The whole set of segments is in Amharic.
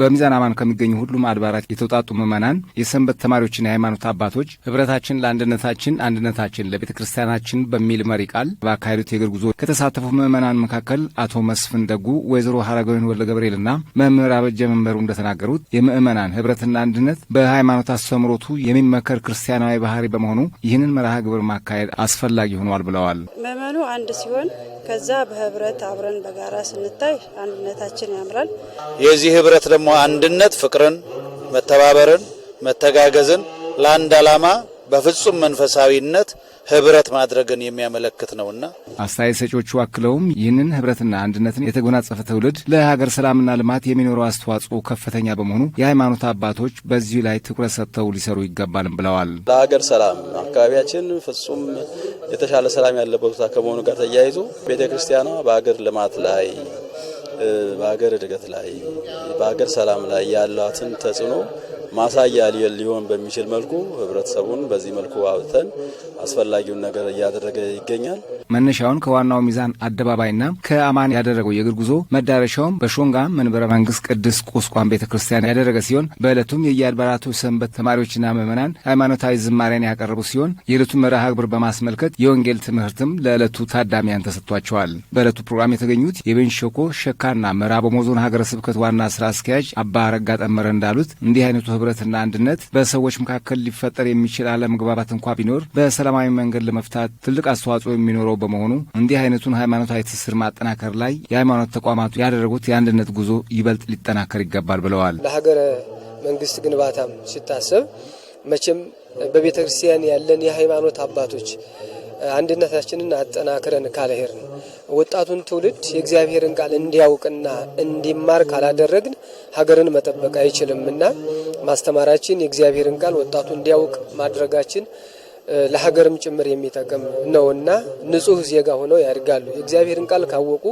በሚዛን አማን ከሚገኙ ሁሉም አድባራት የተውጣጡ ምዕመናን፣ የሰንበት ተማሪዎችና የሃይማኖት አባቶች ህብረታችን ለአንድነታችን አንድነታችን ለቤተ ክርስቲያናችን በሚል መሪ ቃል በአካሄዱት የእግር ጉዞ ከተሳተፉ ምዕመናን መካከል አቶ መስፍን ደጉ፣ ወይዘሮ ሀረጋዊን ወልደ ገብርኤልና መምህር አበጀ መንበሩ እንደተናገሩት የምእመናን ህብረትና አንድነት በሃይማኖት አስተምሮቱ የሚመከር ክርስቲያናዊ ባህሪ በመሆኑ ይህንን መርሃ ግብር ማካሄድ አስፈላጊ ሆኗል ብለዋል። ምእመኑ አንድ ሲሆን ከዛ በህብረት አብረን በጋራ ስንታይ አንድነታችን ያምራል። የዚህ ህብረት ደግሞ አንድነት ፍቅርን፣ መተባበርን፣ መተጋገዝን ለአንድ ዓላማ በፍጹም መንፈሳዊነት ህብረት ማድረግን የሚያመለክት ነውና አስተያየት ሰጪዎቹ አክለውም ይህንን ህብረትና አንድነትን የተጎናጸፈ ትውልድ ለሀገር ሰላምና ልማት የሚኖረው አስተዋጽኦ ከፍተኛ በመሆኑ የሃይማኖት አባቶች በዚህ ላይ ትኩረት ሰጥተው ሊሰሩ ይገባልም ብለዋል። ለሀገር ሰላም አካባቢያችን ፍጹም የተሻለ ሰላም ያለበት ቦታ ከመሆኑ ጋር ተያይዞ ቤተ ክርስቲያኗ በሀገር ልማት ላይ በሀገር እድገት ላይ በሀገር ሰላም ላይ ያላትን ተጽዕኖ ማሳያ ሊሆን በሚችል መልኩ ህብረተሰቡን በዚህ መልኩ አብተን አስፈላጊውን ነገር እያደረገ ይገኛል። መነሻውን ከዋናው ሚዛን አደባባይና ከአማን ያደረገው የእግር ጉዞ መዳረሻውም በሾንጋ መንበረ መንግስት ቅዱስ ቁስቋም ቤተ ክርስቲያን ያደረገ ሲሆን በዕለቱም የየአድባራቱ ሰንበት ተማሪዎችና ምዕመናን ሃይማኖታዊ ዝማሪያን ያቀረቡ ሲሆን የዕለቱን መርሃ ግብር በማስመልከት የወንጌል ትምህርትም ለዕለቱ ታዳሚያን ተሰጥቷቸዋል። በዕለቱ ፕሮግራም የተገኙት የቤንሸኮ ሸካ ጫካና ምዕራብ ኦሞ ዞን ሀገረ ስብከት ዋና ስራ አስኪያጅ አባ አረጋ ጠመረ እንዳሉት እንዲህ አይነቱ ህብረትና አንድነት በሰዎች መካከል ሊፈጠር የሚችል አለመግባባት እንኳ ቢኖር በሰላማዊ መንገድ ለመፍታት ትልቅ አስተዋጽኦ የሚኖረው በመሆኑ እንዲህ አይነቱን ሃይማኖታዊ ትስስር ማጠናከር ላይ የሃይማኖት ተቋማቱ ያደረጉት የአንድነት ጉዞ ይበልጥ ሊጠናከር ይገባል ብለዋል። ለሀገረ መንግስት ግንባታም ሲታሰብ መቼም በቤተ ክርስቲያን ያለን የሃይማኖት አባቶች አንድነታችንን አጠናክረን ካልሄድን ወጣቱን ትውልድ የእግዚአብሔርን ቃል እንዲያውቅና እንዲማር ካላደረግን ሀገርን መጠበቅ አይችልምና ማስተማራችን የእግዚአብሔርን ቃል ወጣቱ እንዲያውቅ ማድረጋችን ለሀገርም ጭምር የሚጠቅም ነውና ንጹህ ዜጋ ሆነው ያድጋሉ። የእግዚአብሔርን ቃል ካወቁ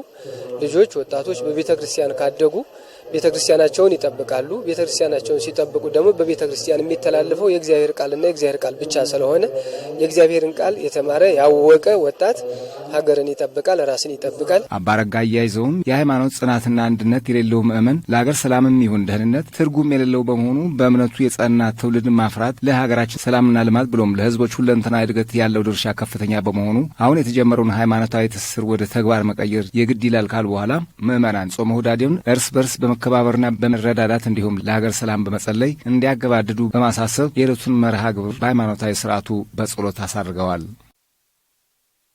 ልጆች፣ ወጣቶች በቤተ ክርስቲያን ካደጉ ቤተ ክርስቲያናቸውን ይጠብቃሉ። ቤተ ክርስቲያናቸውን ሲጠብቁ ደግሞ በቤተ ክርስቲያን የሚተላለፈው የእግዚአብሔር ቃልና የእግዚአብሔር ቃል ብቻ ስለሆነ የእግዚአብሔርን ቃል የተማረ ያወቀ ወጣት ሀገርን ይጠብቃል፣ ራስን ይጠብቃል። አባረጋ አያይዘውም የሃይማኖት ጽናትና አንድነት የሌለው ምእመን ለሀገር ሰላምም ይሁን ደህንነት ትርጉም የሌለው በመሆኑ በእምነቱ የጸና ትውልድ ማፍራት ለሀገራችን ሰላምና ልማት ብሎም ለህዝቦች ሁለንተና እድገት ያለው ድርሻ ከፍተኛ በመሆኑ አሁን የተጀመረውን ሃይማኖታዊ ትስስር ወደ ተግባር መቀየር የግድ ይላል ካል በኋላ ምእመናን ጾመ ሁዳዴውን እርስ በርስ በመከባበርና በመረዳዳት እንዲሁም ለሀገር ሰላም በመጸለይ እንዲያገባድዱ በማሳሰብ የዕለቱን መርሃ ግብር በሃይማኖታዊ ስርዓቱ በጸሎት አሳርገዋል።